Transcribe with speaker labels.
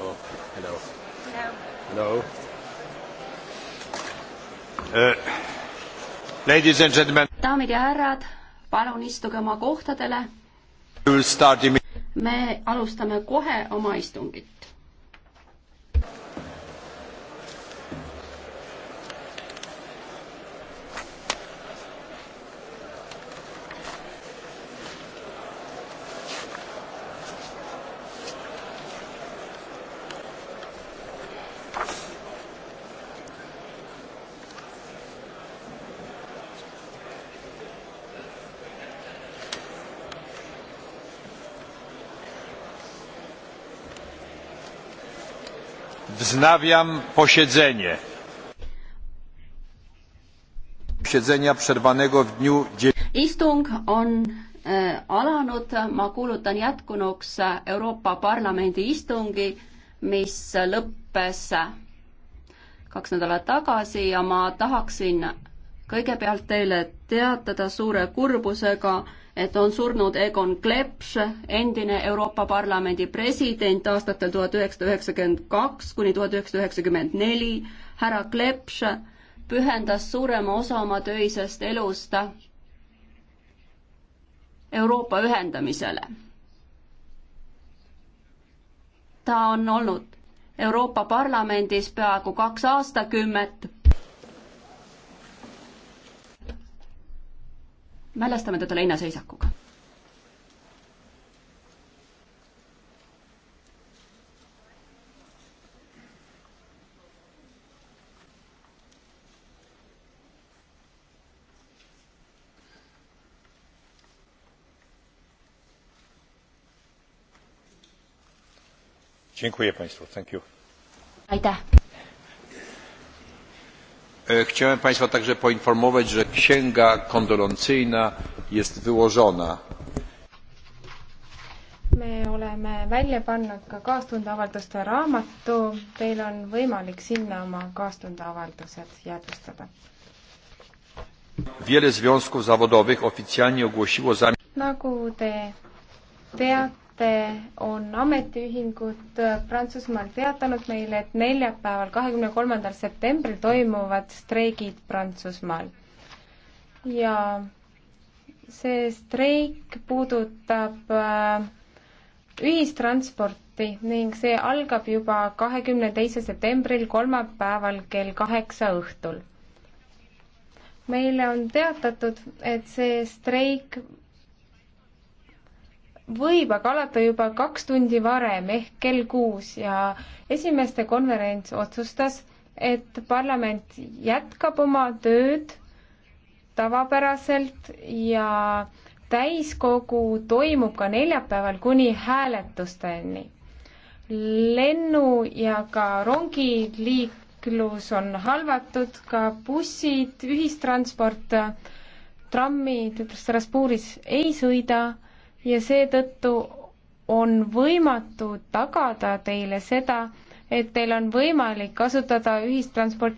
Speaker 1: Oh, hello. Hello.
Speaker 2: Hello. Uh, ladies and gentlemen.
Speaker 1: daamid ja härrad, palun istuge oma kohtadele. me alustame kohe oma istungit
Speaker 2: Wznawiam posiedzenie. Posiedzenia przerwanego w dniu...
Speaker 1: Istung on äh, alanud, ma kuulutan jätkunuks Euroopa Parlamendi istungi, mis lõppes kaks nädalat tagasi ja ma tahaksin kõigepealt teile teatada suure kurbusega, et on surnud Egon Klepš, endine Euroopa Parlamendi president aastatel tuhat üheksasada üheksakümmend kaks kuni tuhat üheksasada üheksakümmend neli. härra Klepš pühendas suurema osa oma töisest elust Euroopa ühendamisele. ta on olnud Euroopa Parlamendis peaaegu kaks aastakümmet mälestame teda leinaseisakuga. aitäh!
Speaker 2: E, chciałem Państwa także poinformować, że księga kondolencyjna jest wyłożona. me oleme välja pannud ka kaastundeavalduste raamatu, teil on võimalik sinna oma kaastundeavaldused jäädvustada. Wiele związków zawodowych oficjalnie ogłosiło zamiar nagu te teate, on ametiühingud Prantsusmaal teatanud meile, et neljapäeval, kahekümne kolmandal septembril toimuvad streigid Prantsusmaal. ja see streik puudutab äh, ühistransporti ning see algab juba kahekümne teisel septembril, kolmapäeval kell kaheksa õhtul meile on teatatud, et see streik võib aga alata juba kaks tundi varem ehk kell kuus ja esimeste konverents otsustas, et parlament jätkab oma tööd tavapäraselt ja täiskogu toimub ka neljapäeval kuni hääletusteni. lennu ja ka rongiliiklus on halvatud, ka bussid, ühistransport, trammid Strasbourgis ei sõida ja seetõttu on võimatu tagada teile seda, et teil on võimalik kasutada ühistransporti